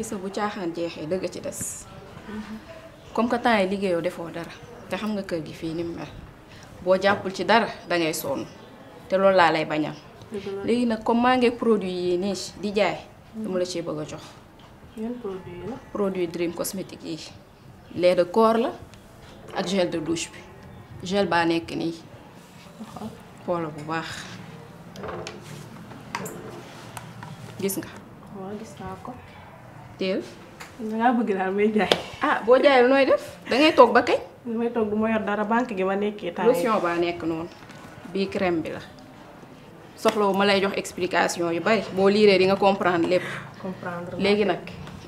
gis bu caaxaan jeexee dëgg ci des comme que temps yi liggéeyoo defoo dara te xam nga kër gi fii ni mel boo jàppul ci dara dangay sonn te lool laa lay bañal léegi nag comme maa ngi produit yi nii di jaay dama la cee bëgg a jox produit Dream cosmétique yi lait de corps la ak gel de douche bi gel baa nekk nii poola bu baax gis nga teel. dangaa bëgg daal may jaay. ah boo jaayee nooy def da toog ba kañ. damay toog du ma yor dara banque gi ma nekkee. temps lotion baa nekk noonu bii crème bi la soxlawu ma lay jox explication yu bari boo liiree di nga comprendre lépp. comprendre léegi nag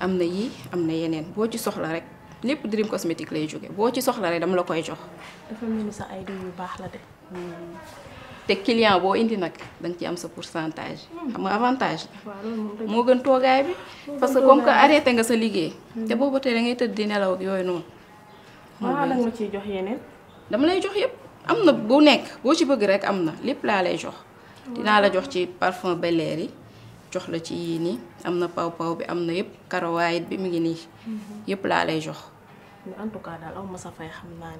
am na yii am na yeneen boo ci soxla rek lépp Dream Cosmétique lay jóge boo ci soxla rek dama la koy jox. yu baax la de. Hmm. te client boo indi nag danga nga ci am sa pourcentage. Hmm. xam nga avantage la. moo gën toogaay bi. parce que comme que nga sa liggéey. Hmm. te boobu tey da ngay tëdd di nelaw ak yooyu noonu. maa ngi ciy jox yeneen. dama lay jox yëpp am na bu nekk boo ci bëgg rek am na lépp laa lay jox. Hmm. dinaa la jox ci parfum belleer yi jox la ci yii nii am na paw paw bi am na yëpp karawaayit bi mu ngi nii. yëpp laa lay jox. en tout cas daal ma sa xam naa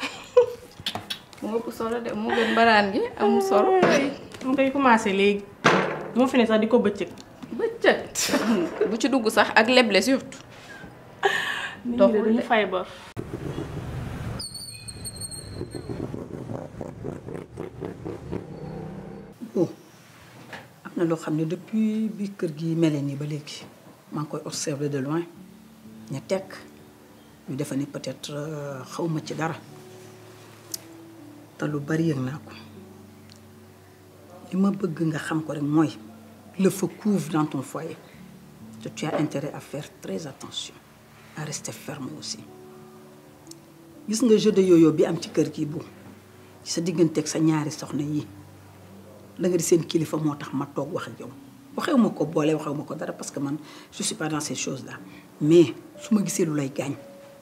moo ëpp solo de moo gën mbaraan gi amul solo. mu ngi commencé léegi. du fi ne sax di ko bëccëg. bëccëg bu ci dugg sax ak leble surtout. donc am na loo xam ne depuis bi kër gi mele nii ba léegi maa ngi koy observer de loin ñu tekk ñu defe ne peut euh, xawma ci dara. te lu bari yëg naa ko li ma bëgg nga xam ko rek mooy le feu couvre dans ton foyer te tu as intérêt à très attention à rester ferme aussi gis nga jeu de yooyo bi am ci kër gi bu ci sa diggante digganteeg sa ñaari soxna yi la di seen kilifa moo tax ma toog wax ak yow waxewu ma ko boole waxewu ma ko dara parce que man su suis pas dans ces choses mais su ma gisee lu lay gaañ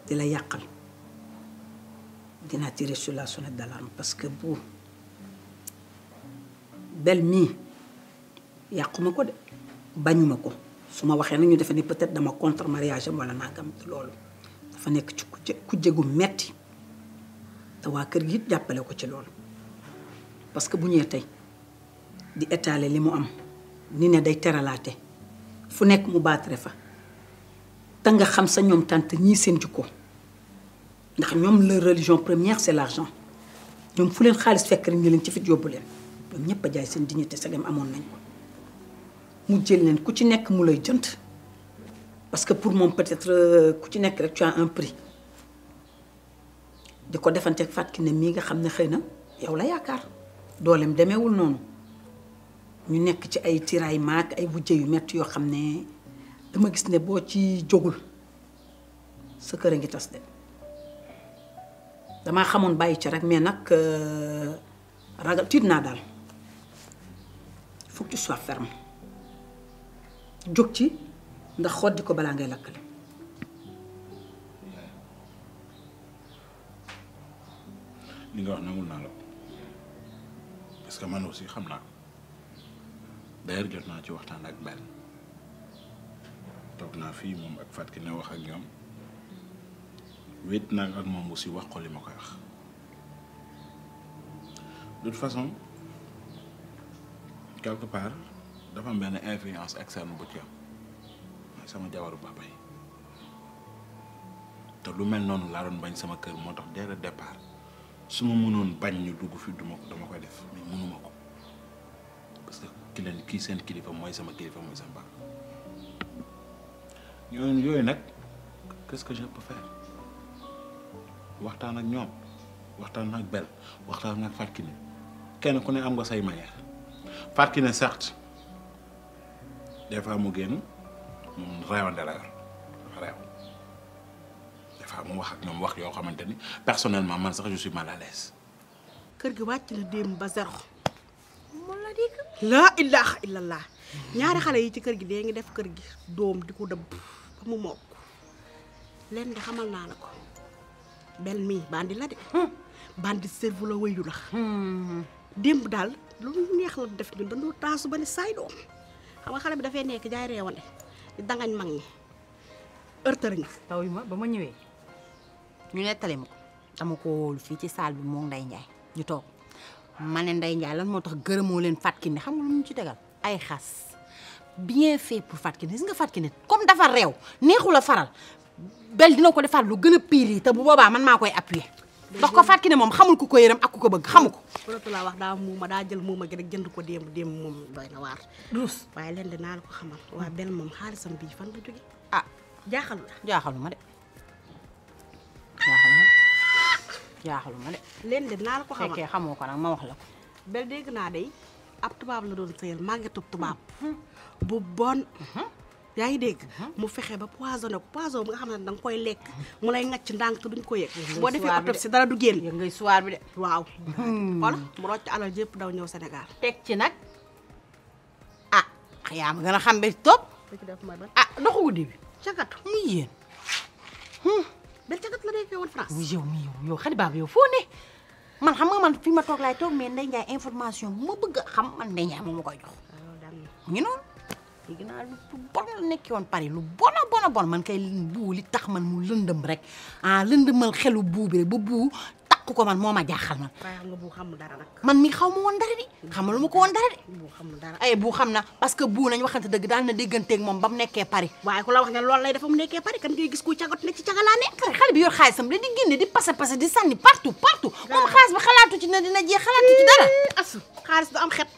di la yàqal dinaa tirer sur la sonnette d'alarme parce que bu bel mii yàquma ko de bañuma ko su ma waxee nañu defe ni peut-être dama contre mariage am wala nangam loolu dafa nekk ci ku gu metti te waa kër gi jàppale ko ci loolu parce que bu ñëwee tey di étaler li mu am ni ne day teralaate fu nekk mu baatare fa te nga xam sa ñoom tànt ñii seen jikko ndax ñoom leur religion première c'est l'argent ñoom fu leen xaalis fekk rek ñu leen ci fit yóbbu leen ñoom ñëpp a jaay seen dignité sagam amoon nañ ko mu jël leen ku ci nekk mu lay jënd parce que pour moom peut-être euh, ku ci nekk rek tu as un prix di ko defanteeg Fatou ne mii nga xam ne xëy na yow la yaakaar dooleem demeewul noonu ñu nekk ci ay tiiraayu ak ay wujje yu metti yoo xam ne dama gis ne boo ci jógul sa kër a ngi tas de damaa xamoon bàyyi ca rek mais nag euh, ragal tiit naa daal faut que tu sois ferme jóg ci ndax xoddi ko balaa ngay lakk li nga wax nangul naa la parce que man aussi xam naa d'ailleurs jot naa ci waxtaan ak benn toog naa fii moom ak Fatou ki ne wax ak ñoom wéet naa ak moom aussi wax ko li ma koy wax de toute façon quelque part dafa am benn influence externe bu ci am mooy sama jabaru papa te lu mel noonu laa doon bañ sama kër moo tax dès le départ su ma mënoon bañ ñu dugg fi duma ko dama koy def mais mënuma ko parce que ki leen kii seen kilifa mooy sama kilifa mooy sama baax yooyu nag qu'est-ce que waxtaan ak ñoom waxtaan ak Bel waxtaan ak Farkine kenn ku ne am nga say manière Farkine certes des fois mu génn moom réewante la yor mu wax ak ñoom wax yoo xamante ni personnellement man sax je suis kër gi wàcc na démb ba zéro moom la dégg laa ilaha illallah ñaari xale yi ci kër gi dee ngi def kër gi doom di ko dëbb ba mu mokk leen nga xamal naa la ko mel mii bandi la de. Hmm. bandi cerveau la wéyu hmm. démb daal lu neex la def ñun dañoo taasu ba ne saay doom xam nga xale bi dafay nekk jaay reewale di dangañ mag ñi heurtër ma ba ma ñëwee ñu nettali ma ko dama ko wóolu fii ci salle bi moom Ndeye Ndiaye ñu toog ma ne ndey Ndiaye lan moo tax gërëmoo leen Fatou Kiné xam nga lu mu ci tegal ay xas bien fait pour Fatou Kiné gis nga ki Kiné comme dafa réew neexu la faral. bel dina ko defaat lu gën a pire yi te bu boobaa man maa koy appuyer ndax ko faat ki ne moom xamul ku ko yërëm ak ku ko bëgg xamu ko ratu laa wax daa muuma daa jël muuma rek jënd ko démb démb moom doy na waar waaye leen dinaa la ko xamal waa bel moom xaalisam bii fan la jóge ah jaaxalu la jaaxalu ma de jaaxalu ma de leen dinaa la ko xamal fekkee xamoo ko nag ma wax la ko ab tubaab la doon sëyal màggetub tubaab mhm. bu bon mhm. yaa ngi dégg mhm. mu fexe ba poisonné ko poison bi nga xam ne danga koy lekk mhm. mu lay ngacc ndànk duñ ko yëg boo defee si dara du génn ngay suwaar bi de waaw wala hmm. mu rocc alal yëpp daw ñëw senegal teg ci nag ah ga ah, ma gën a xam ba topp ah doxu guddi bi cagat mu yéen hmm. hmm. bel cagat la nekkee woon France yow mi yow yow xadi baaba yow foo ne man xam nga man fi ma toog laay toog mais Ndeye Ndiaye information bu ma bëgg a xam man Ndeye Ndiaye moo ma koy jox ñu ah, léegi naa lu bon la nekki woon Paris lu bona bona bon man kay buu li tax man mu lëndëm rek ah lëndëmal xelu buu bi rek bu buu takk ko man moo ma jaaxal man. nga buu xamul dara nag. man mi xaw ma woon dara de xamal ma ko woon dara de. buu xamul ay eh, buu xam na parce que buu nañ waxante dëgg daal na dégganteeg moom ba mu nekkee Paris. waaye loolu lay dafa mu nekkee Paris kan ngay gis ku cagat ne ci cagalaa nekk rek. bi yor xaalisam da di génne di passé passé di sànni partout partout. moom xaalis ba xalaatu ci na jee xalaatu ci dara. asu xaalis am xet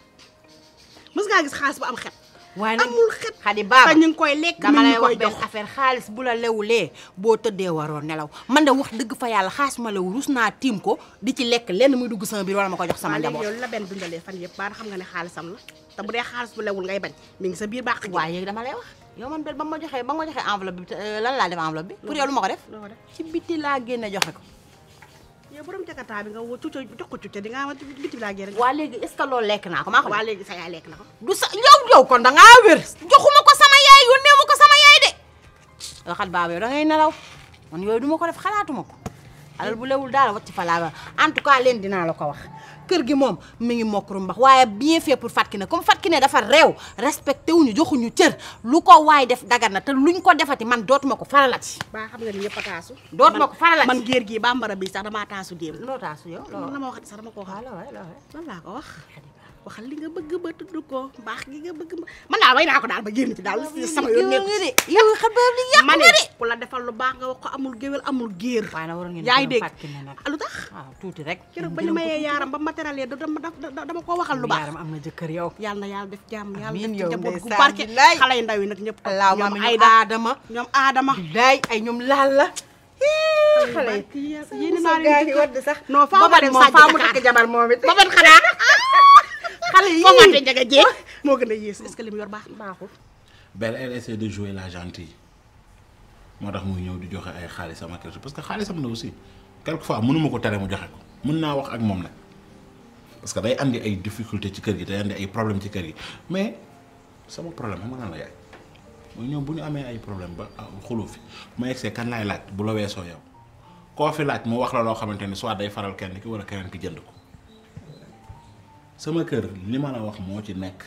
mës ngaa gis xaalis bu am xet waaye nag amul xet xadi baaba ñu ngi koy lekk dama lay wax benn affaire xaalis bu la lewulee boo tëddee waroon nelaw man de wax dëgg fa yàlla xaalis ma lew rus naa tiim ko di ci lekk lenn muy dugg sama biir wala ma ko jox sama njaboot yow la benn dundalee fan yëpp baan xam nga ne xaalisam la te bu dee xaalis bu lewul ngay bañ mi ngi sa biir baax waaye yéegi dama lay wax yow man bel ba ma joxee ba ma joxee enveloppe bi euh, lan laa def enveloppe bi pour yow lu ma ko def ci laa génne joxe ko yow borom jakataa bi nga woo cucca jox ko cucca di nga wax biti laa gërëm. waa léegi est ce que loolu lekk naa ko maa ko. waa léegi sa yaay lekk na ko. du sa yow yow kon da ngaa wér. joxuma ko sama yaay yónnee ko sama yaay de. waxat baaba yow da ngay nelaw man yooyu du ma ko def xalaatuma ko alal bu lewul daal wacc fa laa en tout cas leen dinaa la ko wax kër gi moom mu ngi mokkaru mbax waaye bien fait pour Fatkine comme Fatkine dafa réew respecté wuñu joxuñu cër lu ko waay def dagar na te luñ ko defati man dootuma ko faralati. ba xam nga ni ñëpp a taasu. dootuma ko faralati man géer gi bambara bi sax damaa taasu démb. loo taasu yow loo a ma waxati sax dama ko wax. waaw ah, loo waay laa ko wax. waxal li nga bëgg ba tudd ko mbaax gi nga bëgg man daal way a ko daal ba génn ci daal sama yoon nekk yow xabaar li yàq ma ne ku la defal lu baax nga wax ko amul géwél amul géer yaa ngi dégg ah, lu tax waaw ah, tuuti rek ba ñu mayee yaaram ba matériel da dama koo waxal lu baax yaaram am na jëkkër yow yàlla na yàlla def jàmm yàlla def ci njaboot gu barke xale yu ndaw yi nag ñëpp ñoom ay aadama ñoom aadama day ay ñoom laal la xale yi yéen naa leen di sax non faa ma dem faa mu takk jabar moom it ba ban xanaa xale yii moo gën a yées est-ce que li mu yor baax baaxul. Belle elle de jouer la gentille moo tax muy ñëw di joxe ay xaalisam sama quelque parce que xaalisam la aussi quelquefois mënuma ko tere mu joxe ko mën naa wax ak moom nag parce que day àndi ay difficulté ci kër gi day andi ay problème ci kër gi mais sama problème xam nga lan la yaay mooy ñoom bu ñu amee ay problème ba ah, xuloo fi ma yegsee kan laay laaj bu la weesoo yow koo fi laaj mu wax la loo xamante ni soit day faral kenn ki wala keneen ki jënd ko. sama kër li ma la wax moo ci nekk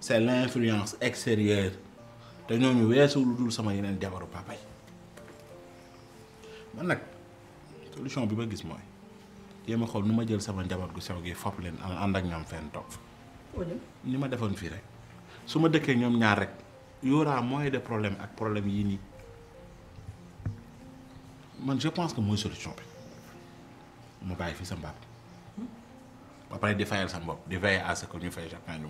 c'est l'influence extérieure te ñooñu weesu lu dul sama yeneen jabaru papa yi man nag solution bi ma gis mooy jéem a xool nu ma jël sama njabar gu sew gi fopp leen ànd ak ñoom fenn toog ni ma defoon fii rek su ma dëkkee ñoom ñaar rek y mooy de problème ak problème yii nii man je pense que mooy solution bi ma bàyyi fi sa mbaab ba pare di fayal sa bopp di veiller à ce que ñu fay chaque fin du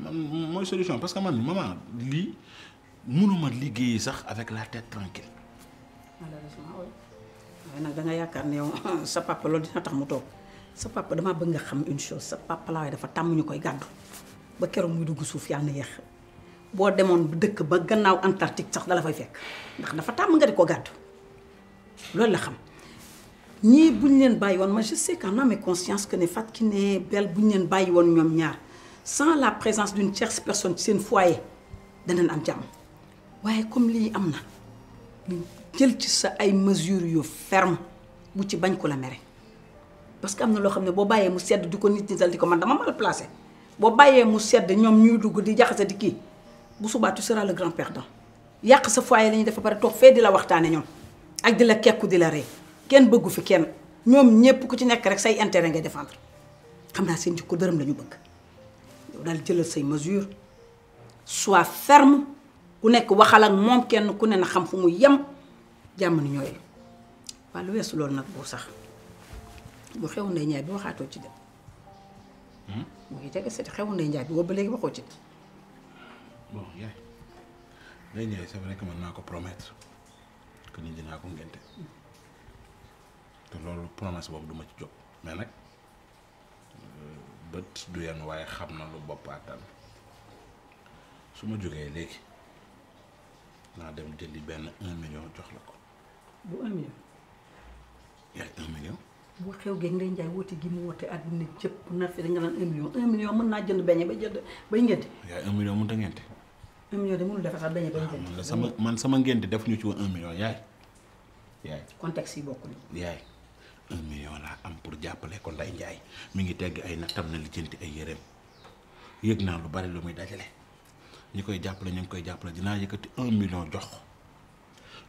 mooy solution parce que man maman lii mënuma liggéey sax avec la tête tranquille waaye nag danga yaakaar ne yow sa papa loolu dina tax mu toog sa papa damaa bëgg nga xam une chose sa papa la waaye dafa tàmm ñu koy gàddu ba keroog muy dugg suuf yàlla na yéex boo demoon dëkk ba gannaaw Antarctique sax dala fay fekk ndax dafa tàmm nga di ko gàddu loolu la xam. ñii bu leen bàyyi woon ma je sais qu'en âme conscience que ne Fat Kiné Bell bu ñu leen bàyyi woon ñoom ñaar sans la présence d'une tierce personne ci seen foyer danañ am jàmm waaye comme lii am na jël ci sa ay mesures yu ferme bu ci bañ ko la mere parce que am na loo xam ne boo bàyyee mu sedd du ko nit dal di ko man dama mal placé boo bàyyee mu sedd ñoom ñuy dugg di jaxase di kii bu subaa tu seras le grand perdant yàq sa foyer la ñuy def ba pare toog fee di la waxtaane ñoom ak di la kekku di la ree kenn bëggu fi kenn ñoom ñépp ku ci nekk rek say intérêt ngay défendre xam naa seen jikko dërëm lañu bëgg yow daal jëlal say mesure soit ferme ku nekk waxal ak moom kenn ku ne na xam fu mu yem jàmm ñooy waaye lu weesu loolu nag bu sax bu xewu ndey njaay bi waxaatoo ci dem hmm? mu ngi jege seet xewu ndey njaay bi boobu ba léegi waxoo ci dem bon yaay njaay c'est vrai que mën naa ko promettre que ni dinaa ko ngénte te loolu promesse boobu duma ci jóg mais nag bët du yenn waaye xam na lu bopp àttan su ma jógee léegi naa dem jëli benn un million jox la ko. bu un million. yaay un million. bu xew geeg gi mu woote àdduna cëpp da nga un million un million mën naa jënd beñe ba jënd bay ngente. yaay un million mënut a de mënul ah, man sama man sama ngente defuñu ci woon un million yaay. yaay contexte yi bokkul. yaay. un million laa am pour jàppalee ko Ndeye Ndiaye mi ngi tegg ay nattam na lijjanti ay yéreem yëg naa lu bari lu muy dajale ñi koy jàppale ñu ngi koy jàppale dinaa yëkkati un million jox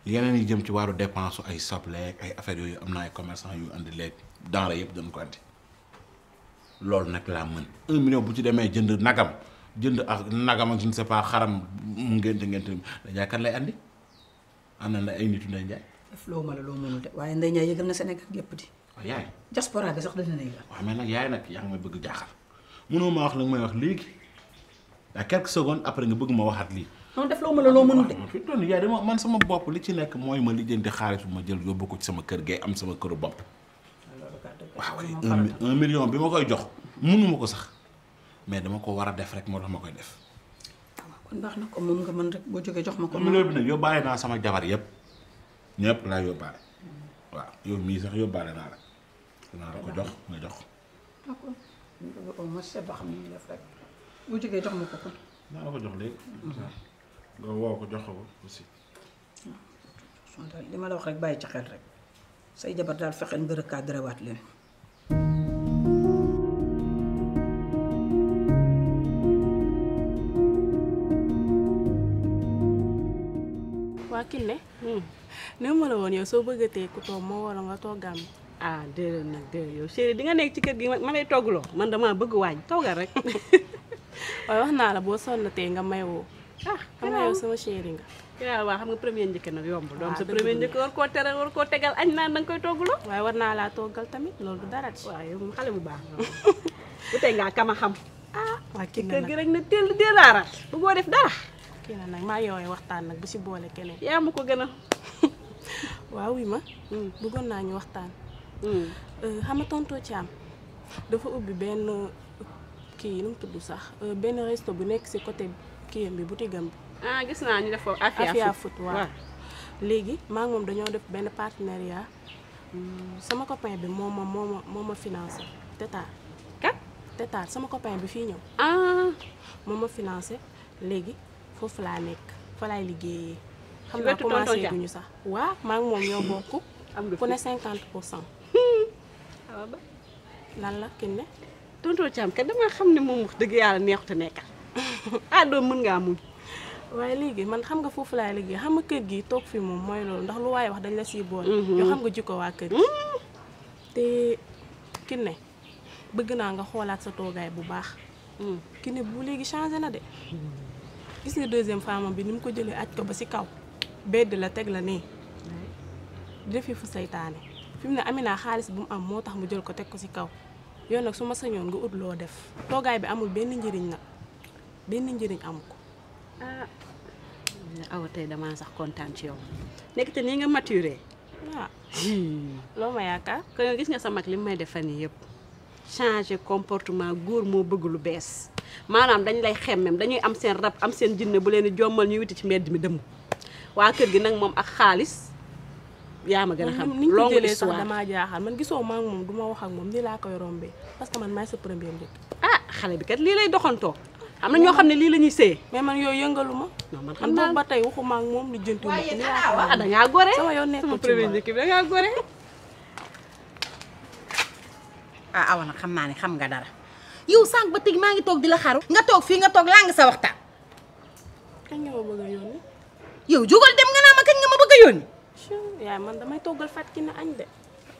yeneen yi jëm ci wàllu dépense ay soble ay affaires yooyu am na ay commerçant yu andi léeg denrée yëpp dañ ko andi loolu nag laa mën un million bu ci demee jënd nagam jënd ak nagam ak je ne sais pas xaram mu ngénte ngénte dañaa kan lay andi am na ay nitu Ndeye Ndiaye def loo mën la loo mënul de waaye Ndeye Ndiaye yëgal na Sénégal gépp di. waaw yaay. diaspora ga sax dina ne yëgal. waaw mais nag yaay nag yaa ngi may bëgg jaaxal mënoo ma wax la nga may wax léegi daa après nga bëgg ma waxaat lii. non def loo mën a loo mënul dama man sama bopp li ci nekk mooy ma lijjanti xaalis bu ma jël yóbbu ko ci sama kër gay am sama këru bopp. waaw kay un million bi ma koy jox mënuma ko sax mais dama ko war a def rek moo tax ma koy def. waaw ah, na ko moom nga mën rek boo jógee jox ma ko. million bi nag yow bàyyi naa sama jabar yëpp ñëpp laa yóbbaale waaw yow mii sax yóbbaale naa la dinaa jox nga jox ko. d'accord ma seet ba xam ni ñu def rek bu jógee jox ma ko kon. naa la ko jox léegi. nga woo ko jox ko li ma la wax bàyyi ci xel rek say jabar daal fexeel nga ne ma la woon yow soo bëggatee ku toog moo war nga toggaam ah déedéet nag déedéet yow chérie di nga nekk ci kër gi ma may toggloo man dama bëgg waañ toggal rek waaye wax naa la boo sonnatee nga may woo ah, xam nga yow sama chérie xam nga premier njëkk nag yomb ah, doom sa premier njëkk koo tere koo tegal añ naan da koy toggaloo waaye war naa laa toggal tamit loolu du dara waaw yow moom xale bu baax bu tey ngaa a xam ah waa ah, ci bu boo def dara kii na nag maa yooyu waxtaan nag bu si boole keneen yaa ma ko gënal waaw wi ma hmm. bëggoon naa ñu waxtaan hmm. euh, xam nga tontoo ci am dafa ubbi benn kii nu mu tudd sax euh, benn resto bu nekk si côté kiyam bi bu am bi ah, gis naa ñu def foofu Afia Food waaw léegi maa moom dañoo def benn partenariat hmm, sama copain bi moom ma moo ma moo ma financé Tétart kat Tétart sama copain bi fii ñëw ah ma financé léegi foofu laa nekk fa laay liggéeyee xam nga commencé ñu sax waa maa moom ñoo bokk. am nga ku ne cinquante pour cent. waaw ah, ba lan la kin ne. tonton Thiam kat damaa xam ne moom wax dëgg yàlla neexut a nekkal ah doom mën ngaa muñ. waaye léegi man xam nga foofu laay liggéey xam nga kër gi toog fi moom mooy loolu ndax lu waaye wax dañ la siy boole. Mhm. yoo xam nga jikko waa kër gi. Mhm. te kin bëgg naa nga xoolaat sa toogaay bu baax. Mhm. kin ne bu léegi changé na de. gis nga deuxième bi ni mu ko jëlee aj ko ba si kaw. bedd la teg la nee def yi fu saytaane fi mu ne Amina xaalis bu mu am moo tax mu jël ko teg ko ci kaw yoon nag su ma sañoon nga ut loo def toogaay bi amul benn njëriñ nag benn njëriñ amu ko ah tey damaa sax kontaan ci yow nekk te nga maturé waaw ah. hmm. loo yaakaar ko gis sa mag li may def fan yëpp changé comportement góor moo bëgg lu bees maanaam dañ lay xemmem dañuy am seen rab am seen jinne bu leen di jommal ñuy wuti ci mbedd mi dëmm waa kër gi nag moom ak xaalis yaa ma gën a xam. longue histoire damaa jaaxal man gisoo maa ma ak moom koy rombee parce que man maay sa premier ah, xale bi lii lay doxantoo am na ñoo xam ne lii la ñuy mais man yooyu yëngalu ma. non man tey waxuma ak moom lu jëntu ma. waaw ah, xam naa ne xam nga dara yow maa ngi toog di la xaru. nga toog fii nga toog laa ngi sa waxtaan. yow jógal dem nga naa ma kañ nga ma bëgg a yónni. yaay man damay toggal fat ki ne añ de.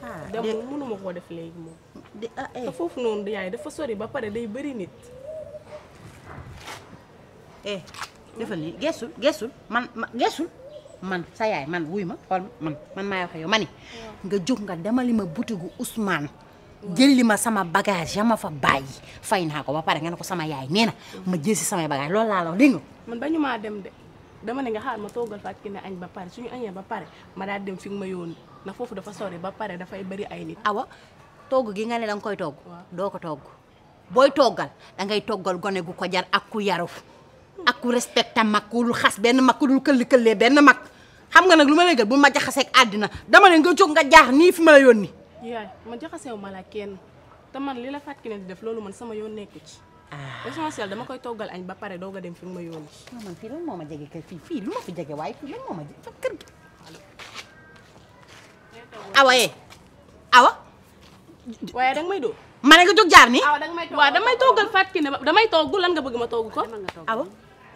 ah de dem koo def léegi moom. di ah eh. foofu noonu yaay dafa sori ba pare day bëri nit. eh defal nii gesul gesul man ma man sa yaay man wuy ma man maa wax yow ma ni. nga jóg nga demali ma butigu Ousmane. li ma sama bagage ya ma fa bàyyi fay naa ko ba pare nga ne ko sama yaay nee na ma jël si samay bagage laa la wax nga. man bañu dem de. dama ne nga xaar ma toogal fa ak ki ne añ ba pare suñu añee ba pare ma daal dem fi nga ma yónni na foofu dafa sori ba pare dafay bari ay nit. awa togg gi nga ne danga koy togg. doo ko togg booy toggal dangay toggal gone gu ko jar ak ku yaruf ak ku respecté mag ku dul xas benn mag ku dul këll këllee benn mag xam nga nag lu ma lay bu ma jaxasee àddina dama ne nga jóg nga jaax nii fi ma la yónni. yaay ma jaxasewu ma la kenn te man li la ki ne di def loolu ma sama yoon nekku Ah. essentiel dama koy toggal añ ba pare doog a dem fi ma yónni. moo ma jege kër fii fii lu ma fi jege waaye fii lan moo ma eh. may dóor. ma ne nga jóg jaar nii. awa danga may toggal waaw damay damay togg lan bëgg ma togg ko. awa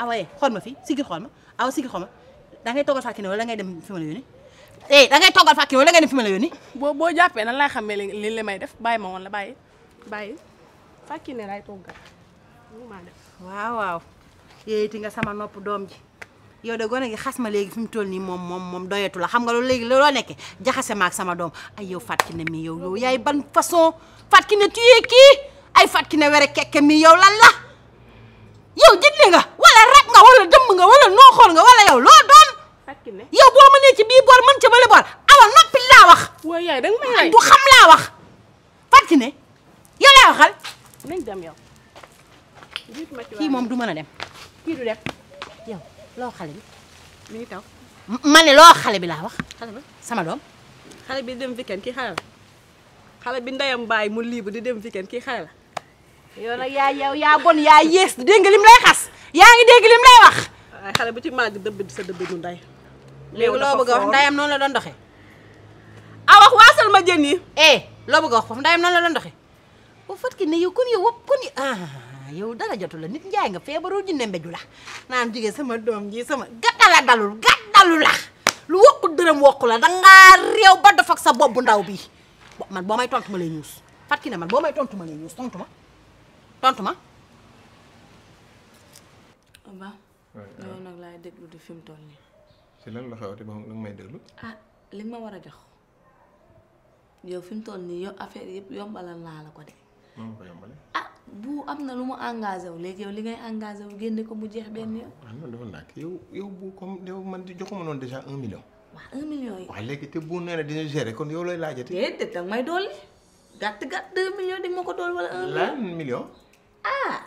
awa yee eh, ma fii sigil xool ma awa ma dangay toggal Fatou Kiné wala dangay dem fi ma la yónni. eh dangay toggal Fatou Kiné dangay dem fi ma la yónni. boo boo jàppee nan laay xamee li li may def bàyyi ma woon la bàyyi bàyyi Fatou Kiné waaw waaw yéyiti nga sama nopp doom ji yow de gone gi xas ma léegi fi toll nii moom moom moom doyatu la xam nga loolu léegi loo nekke jaxase ma ak sama doom ay yow fàtki ne yow yow yaay ban façon fàtki ne tuyee kii ay fàtki ne were kekke mi yow lan la yow jëndi nga wala rag nga wala dëmm nga wala nooxool nga wala yow loo doon yow boo ma ci bii boor mën ca bële boor awa noppi laa wax du xam laa wax fàtki yow laa waxal yow kii moom du mën a dem. kii du dem. yow loo xale bi. mi ngi taw. loo xale bi laa wax. sama doom. xale bi dem weekend kii xale la. xale bi ndeyam bàyyi mu libre di dem weekend kii xale la. yow nag yaa yaa bon yaa yées dégg nga lay xas yaa ngi dégg lim lay wax. waaye xale bu ci màgg dëbb di sa dëbb du ndey. léegi loo bëgg a wax ndeyam noonu la doon doxee. a ah, wax waasal ma jën yi. Eh, loo bëgg wax foofu ndeyam noonu la doon doxee. bu fekki ne yow kon yow wop kon yow ah, ah, yow dara jotu la nit njaay nga feebaroo jinne mbeju la naan jigéen sama doom ji sama gattala dalul gattalu la lu wokkul dërëm wokku la dangaa réew ba def ak sa bopp ndaw bi man boo may tontu ma lay ñuus fàtki ne man boo may tontu ma lay ñuus tontu ma tontu ma di fi mu toll nii si lan la xewati ba nga may déglu ah li ma war a jox yow fi mu toll nii yow affaire yëpp yombalal naa la ko de ah bu am na lu mu engagé wu léegi yow li ngay engagé wu génne ko mu jeex benn yoon. waaw man dafa nàkk yow yow bu comme yow man joxuma noonu déjà un million. waaw un million yi. léegi te bu nee na dina gérer kon yow lay laajati. déedéet da may dolli gàtt gàtt deux millions di ma ko dolli wala million. lan ah!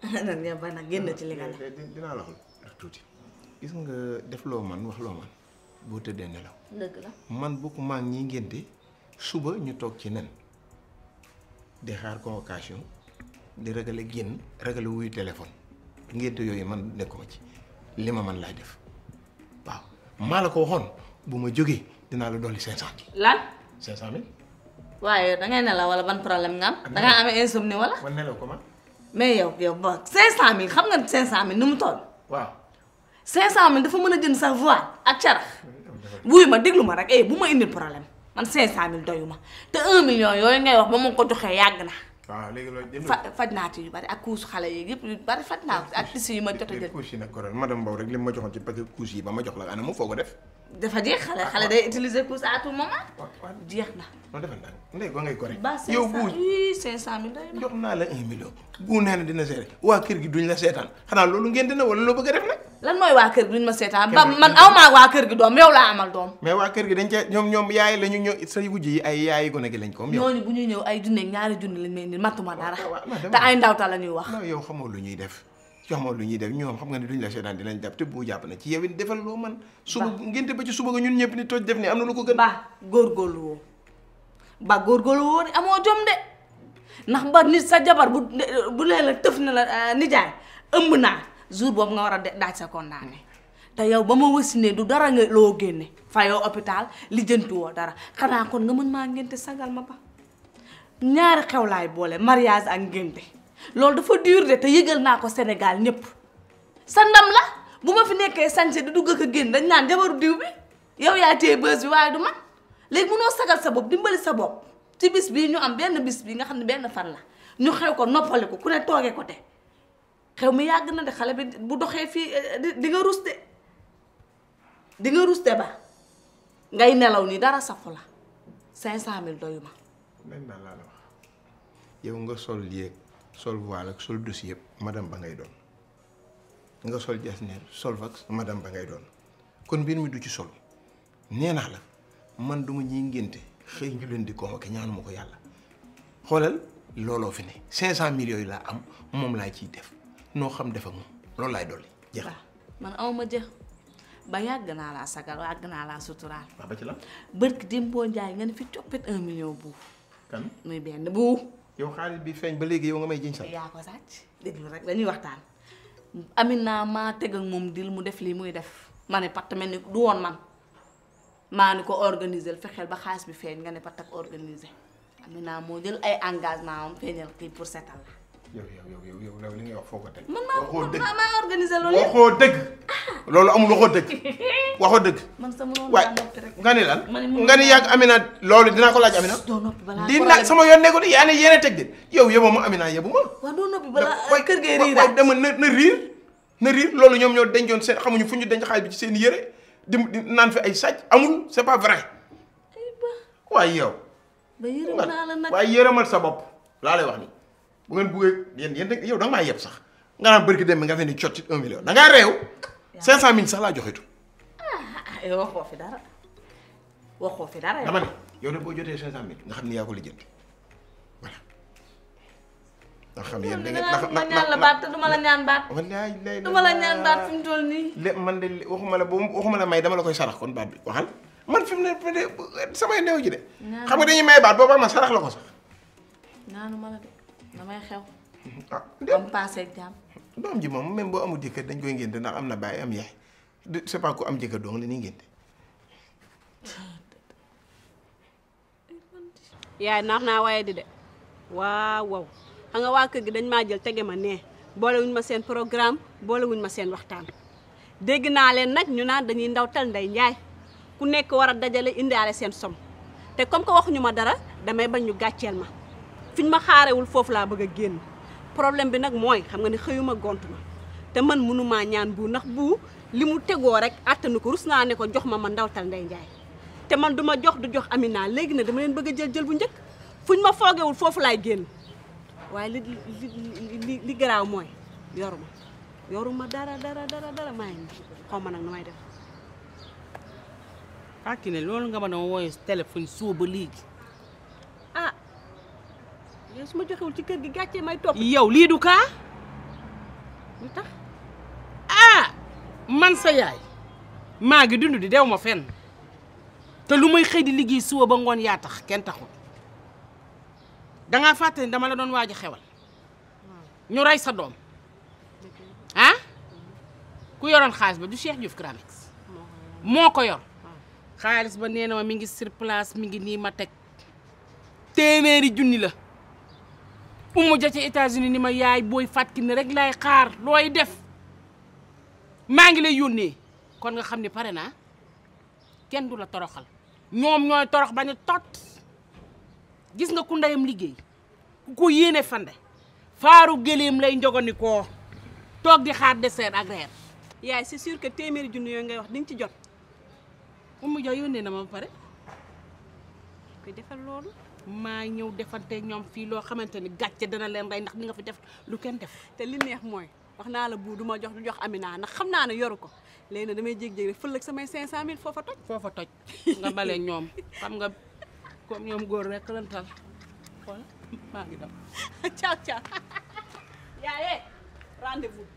ci la. Eh, dinaa la tuuti. gis nga def loo man wax loo man boo tëddee nelaw. man bokku maa ñi ñiy ngénte suba ñu toog ci nen di xaar convocation. di ragale génn ragale wuyu téléphone ngénte yooyu man nekkuma ci li ma man laay def waaw maa la ko waxoon bu ma jógee dinaa la dolli cinq cent mille lan cinq cent mille waaye da ngay nelaw wala ban problème nga am da ngay amee insomnie wala man nelaw ko ma mais yow yow ba cinq cent xam nga cinq cent mille ni mu toll waaw cinq cent mille dafa mën a jën sa voile ak carax wuyu ma déglu ma rek eh bu ma indil problème man cinq cent mille doyu ma te un million yooyu ngay wax ba ma yàgg na waaw léegi loolu faj naa ci yu bari ak couche xale yi yëpp yu bari faj naa ak tissu yi ma jot a jël couche yi nag koron madame Mbow rek li ma joxoon ci paquet couche yi ba ma jox la ana mu foo ko def dafa jeex xale xale day utiliser couche à tout moment jeex na non defal naa ndey ba ngay correct yow buuj cinq cent mille jox naa la un million bu nee na dina seere waa kër gi duñ la seetaan xanaa loolu ngeen dina wala loo bëgg a def nag lan mooy waa kër gi duñ ma seetaan ba man aw maa waa kër gi doom yow laa amal doom mais waa kër gi dañ cee ñoom ñoom yaay la ñu ñëw sa wujj yi ay yaayi gone gi lañ ko ñooñu bu ñuy ñëw ay junne ñaari junne lañ may indil mattuma dara te ay ndawta la wax non yow xamoo lu ñuy def xamoo lu ñuy def ñoom xam nga ne duñ la seetaan dinañ jàpp te bu jàpp na ci yow it defal loo man suba ngénte ba ci suba ga ñun ñëpp ni toj def ni am na lu ko gën ba góorgóorlu woo ba góorgóorlu woo ni amoo jom de ndax ba nit sa jabar bu bu leen la tëf na la euh, nijaay ëmb naa jour boobu nga war a daaj sa condamné te yow ba ma wasinee du dara nga loo génne fayoo hôpital lijjanti woo dara xanaa kon nga mën maa ngénte sagal ma ba ñaari xew xewlaay boole mariage ak ngénte loolu dafa dur de te yëgal naa ko senegal ñëpp sa ndam la bu ma fi nekkee sañse di dugg ak génn dañ naan jabaru diw bi yow yaa téye bës bi waaye du man léegi munoo sagal sa bopp dimbali sa bopp ci bis bii ñu am benn bis bi nga xam ne benn fan la ñu xew ko noppali ko ku ne toogee ko te xew mi yàgg na de xale bi bu doxee fii eh, di nga rus de di nga rus de ba ngay nelaw nii dara safu la cinq cent mille doyu ma benn yow nga sol yéeg sol voile ak sol dus yëpp madame ba ngay doon nga sol jasneer sol vax madame ba ngay doon kon mbir mi du ci sol nee naa la man duma ñuy ngénte xëy ñu leen di ko convoqué ñaanuma ko yàlla xoolal looloo fi ne cinq cent mille yooyu laa am moom laa ciy def noo xam def ak moom loolu laay dolli. jeex man awma jë ba yàgg naa laa sagal yàgg naa laa suturaal. waaw ba ci la. barke Demba Ndiaye nga ne fi coppit un million buuf. kan benn buuf. yow bi feeñ ba léegi yow may jiñ sax. yaa rek dañuy waxtaan. Amina maa teg moom dil mu def lii muy def ma ne pat mel ni du woon man maa ni ko organiser fexeel ba xaalis bi feeñ nga ne pat ak organiser Amina moo jël ay engagement am feeñal kii pour seetal yow yow yow yow li ngay wax foo ko teg. waxoo dëgg man maa organisé loolu yëpp waxoo dëgg. loolu amul waxoo dëgg. waxoo dëgg. man sama rek nga ni lan nga ni yàgg Amina loolu dinaa ko laaj Amina. dina sama yoon nekkul yaa ne yéen a teg de yow yeboo ma Amina yebu ma. waaw doo noppi balaa kër gee riir waaw dama na na riir na riir loolu ñoom ñoo dencoon seen xamuñu fu ñu denc xaalis bi ci seen yére di naan fi ay sàcc amul set pas vrai waaye yow. ba yërëmal sa bopp laa lay wax ni bu ngeen buggee yéen yéen yow da yeb sax nga naan bërki dem bi nga fee ni cot ci un da ngaa réew cinq cent mille sax laa joxitu ah, ah, waxoo fi boo jotee cinq cent mille nga xam da ngeen ma ñaan la baat te duma la ñaan baat boobu waxuma la may dama la koy sarax kon baat bi waxal man fi mu ne samay néew ji de xam nga dañuy may baat booba ma sarax la ko sax damay xew. ah déedéet passé ak doom ji moom même boo amul jëkkër dañ koy ngénte ndax am na baay am yaay du c'est pas am jëkkër doom la ñuy ngénte. yaay naax naa waaye di de waaw waaw xam nga waa kër gi dañ maa jël tege ma nee boolewuñ ma seen programme boolewuñ ma seen waxtaan. dégg naa leen nag ñu naan dañuy ndaw ndawtal nday njaay ku nekk war a dajale indaale seen som te comme que waxuñu ma dara damay bañ ñu gàcceel ma. fi ma xaarewul foofu laa bëgg a génn problème bi nag mooy xam nga ni xëyuma gont ma te man mënumaa ñaan buur ndax bu li mu tegoo rek àttanu ko rus naa ne ko jox ma ma ndawtal nday Ndiaye te man du jox du jox ami naa léegi nag dama leen bëgg a jël jël bu njëkk fu ma foogewul foofu laay génn waaye li li li garaaw mooy yoruma yoruma dara dara dara dara maa ngi xaw ma nag nu may def. fàttali ne loolu nga ma doon woowee téléphone suba ba léegi. su ma joxewul ci kër gi gàccee may topp. yow lii du kaa. lu tax ah, man sa yaay maa ngi dund di dew ma fenn te lu may xëy di liggéey suba ba ngoon yaa tax kenn taxul dangaa fàtte dama la doon waaj a xewal hmm. ñu rey sa doom ah ku yoroon xaalis ba du Cheikh Diouf Cramex moo ko yor hmm. xaalis ba nee na ma mi ngi sur place mi ngi nii ma teg téeméeri junni la umu ja ci États-Unis ni ma yaay booy fàtki ne rek laay xaar looy def maa ngi lay yónnee kon nga xam ni pare naa kenn du la toroxal ñoom ñooy torox ba a tot gis nga ku ndeyam liggéey ku ko yéene fande faaru gëléem lay njogoni koo toog di xaar dessert ak reer yaay c'est sûr que téeméeri junni yooyu ngay wax di nga ci jot umu ja yónnee na ma pare koy defal loolu maa ñëw defante ñoom fii loo xamante ni gàcce dana leen rey ndax li nga fi def lu kenn def te li neex mooy wax naa la bu du jox du jox ami naa ndax xam naa ne yoru ko léegi nag damay jéeg-jéeg rek fëlëg samay 500000 foofa toj foofa toj nga bale ñoom xam nga comme ñoom góor rek lan tal xool maa ngi yaaye eh, rendez-vous